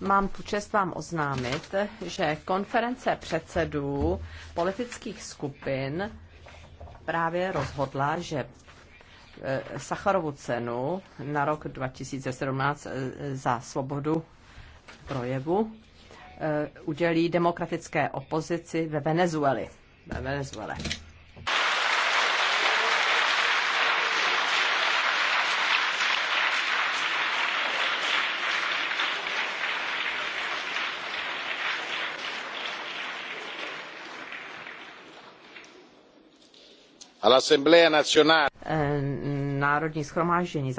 Mám tu čest vám oznámit, že konference předsedů politických skupin právě rozhodla, že e, Sacharovu cenu na rok 2017 e, za svobodu projevu Eh, udělí demokratické opozici ve Venezueli. Ve Venezuele. all'assemblea nazionale eh, národní schromáždění